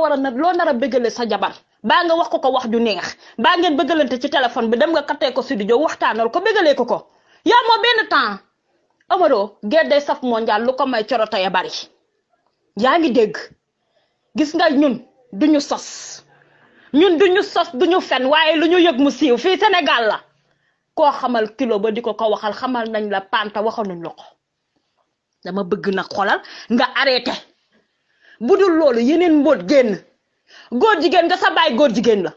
loo a nar loo nar a sa jabar baa nga wax ko ko wax ju neex baa ngeen bëggalante ci téléphone bi dem nga kattee ko studio waxtaanal ko bëggalee ko ko yaa moo benn temps Omaro guerre day saf mondial lu ko may coroto ya bari yaa ngi dégg gis nga ñun duñu sos ñun duñu sos ñu fen waaye lu ñu yëg mu siiw fii Sénégal la koo xamal kilo ba di ko ko waxal xamal nañ la panta waxaluñ la ko dama bëgg na xolal nga arrêté bu dul loolu yeneen mbóot génn góor jigéen nga sa baay góor jigéen la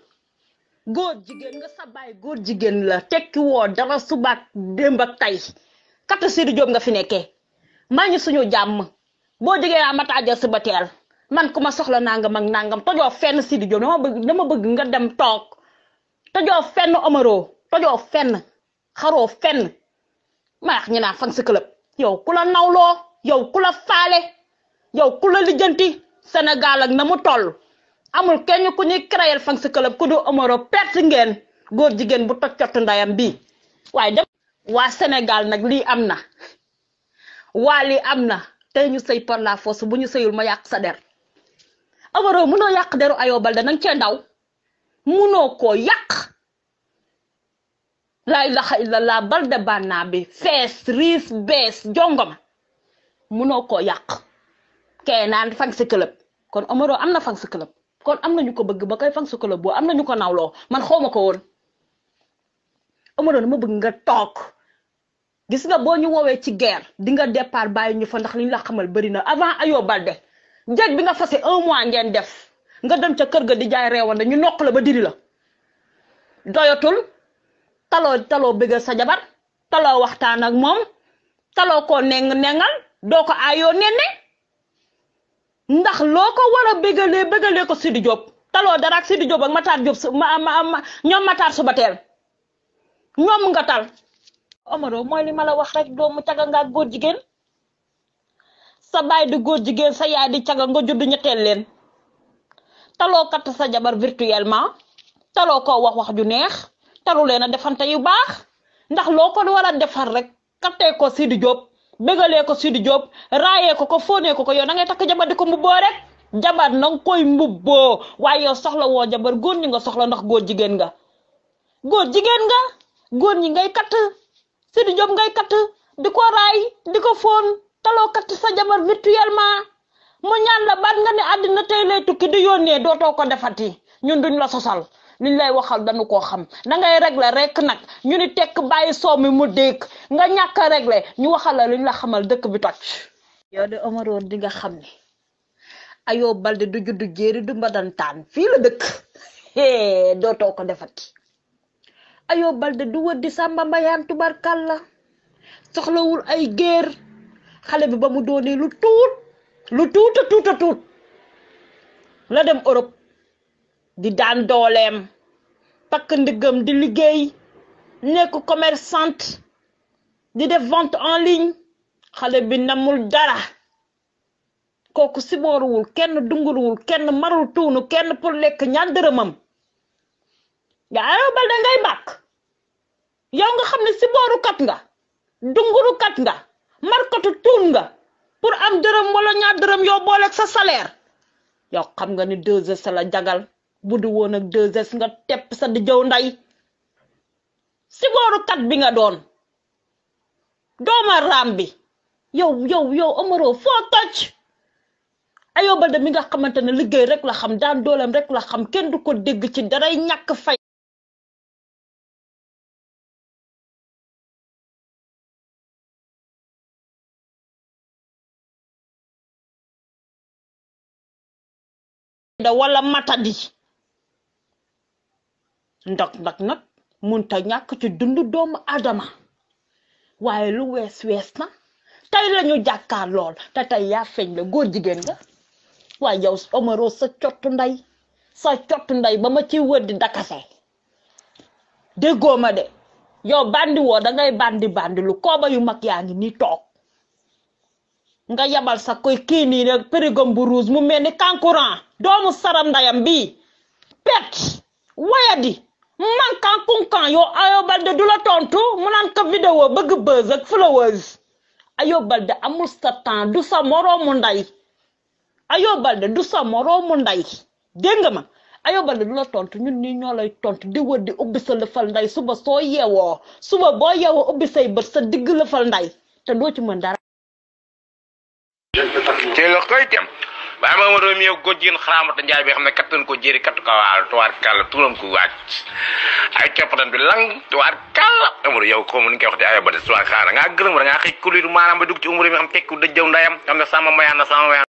góor jigéen nga sa baay góor jigéen la tekki woo dara subaak démb ak tay kata Sidi Diop nga fi nekkee maa ngi suñu jàmm boo jigéen a mataaja si ba man ku ma soxla nangam ak nangam tojoo fenn Sidi Diop dama bëgg dama bëgg nga dem toog tojoo fenn Omaro tojoo fenn xaroo fenn maax ñu naan fan si club yow ku la yow ku la yow ku la lijjanti Sénégal ak na mu toll amul kenn ku ñuy créer fan si ku du amoro perte ngeen góor jigéen bu toj cottu ndayam bii waaye dem waa Sénégal nag lii am na waa lii am na tey ñu sëy par la force bu ñu sëyul ma yàq sa der amoro mënoo yàq deru Ayo Baldé nang cee ndaw mënoo koo yàq laa ilaha illallah Baldé bànnaa bi fees riis bees jongoma mënoo koo yàq kee naan fan si club kon Omaro am na fan si kon am na ñu ko bëgg ba koy fan si boo am na ñu ko nawloo man xaw ma ko woon na dama bëgg nga toog gis nga boo ñu woowee ci guerre di nga départ bàyyi ñu fa ndax li ñu la xamal bëri na avant Ayo Balde jeeg bi nga fase un mois ngeen def nga dem ca kër ga di jaay reewande ñu nokk la ba diri la doyatul taloo taloo bëgg sa jabar taloo waxtaan moom taloo ko nengal doo ko aayoo nenne ndax loo ko wara a bëggalee bëggalee ko Sidi Diop taloo dara ak Sidi Diop ak Matar Diop ma ma ma ñoom Matar suba teel ñoom nga tal Omaro mooy li la wax rek doomu caga nga góor jigéen sa baay di góor jigéen sa yaay di caga nga judd ñetteel leen taloo kat sa jabar virtuellement taloo ko wax wax ju neex talu leen a defante yu baax ndax loo ko war a defar rek kattee ko Sidi Diop bégalee ko Sidi Diop raayee ko ko fóonee ko ko yow da ngay takk jabar di ko mbubboo rek jabar na nga koy mbubboo waaye yow soxla woo jabar góor ñi nga soxla ndax góor jigéen nga góor jigéen nga góor ñi ngay katt Sidi Diop ngay katt di ko raay di ko fóon taloo katt sa jabar virtuellement moo ñaan la baat nga ne àddina tey lay tukki di yónnee dootoo ko defati ñun duñ la sosal liñ lay waxal dañu koo xam da ngay régler rek nag ñu ni tekk bàyyi soow mi mu dékk nga ñàkk a ñu waxal la liñ la xamal dëkk bi toj yow de Omaro di nga xam ni Ayo Balde du juddu jéeri du mbadantaan fii la dëkk dootoo ko defati Ayo Balde du wër di Samba Mbayaan tubarkàlla soxlawul ay gér xale bi ba mu doonee lu tuut lu tuuta tuut la dem Europe di daan dooleem takk ndigam di liggéey nekk commerçante di def vente en ligne xale bi namul dara kooku sibooruwul kenn dunguruwul kenn marul tuunu kenn pour lekk ñaan dërëmam yaa bal da ngay mbàkk yow nga xam ne siboorukat nga dungurukat nga markatu tuun nga pour am dërëm wala ñaar dërëm yow booleeg sa salaire yow xam nga ni deux heures la jagal bu du woon ak deux heures nga tepp sa di jëw nday si boorukat bi nga doon dooma raam bi yow yow yow amaroo foo toj Ayo Baldé mi nga xamante ne liggéey rek la xam daan dooleem rek la xam kenn du ko dégg ci daray ñàkk fay da wala matadi ndox ndox nag munta ñàkk ci dundu doomu adama waaye lu wees wees na tey lañu jàkkaar lool te tey yaa feeñ la góor jigéen nga waaye yow Omaro sa cottu ndey sa cottu ndey ba ma ci wër di dakase déggoo ma de yow bandi woo dangay bandi bandi lu kooba yu mag yaa ngi nii toog nga yabal sa koy kii nii rek périgom mu mel ni kankurang doomu saram ndeyam bii pet wayadi mankan kunkan yow Ayo Balde du la tontu mu naan ko vidéo bëgg buzz ak followers Ayo Balde amul sa du sa moroomu ndey Ayo Balde du sa moroomu ndey dégg ma Ayo Balde du la tontu ñun nii ñoo lay tontu di wër di ubbi sa lëfal ndey suba soo yeewoo suba boo yeewoo ubbi say bët sa digg lëfal ndey te doo ci mën waaye ma ma doon yow góor jigéen xaraamata njaay bi xam ne kattan ko jëri kattu ko waal tuwaar kàlla turam ko wàcc ay coppatan bi lang tuwaar kàlla amul yow comme ni nga koy wax de ayo ba de tuwaar xaar ngaa gërëm war ngaa xëj kulitu maanaam ba dugg ci umur mi xam tekku dëjjëw ndayam xam ne sama mayaan na sama mayaan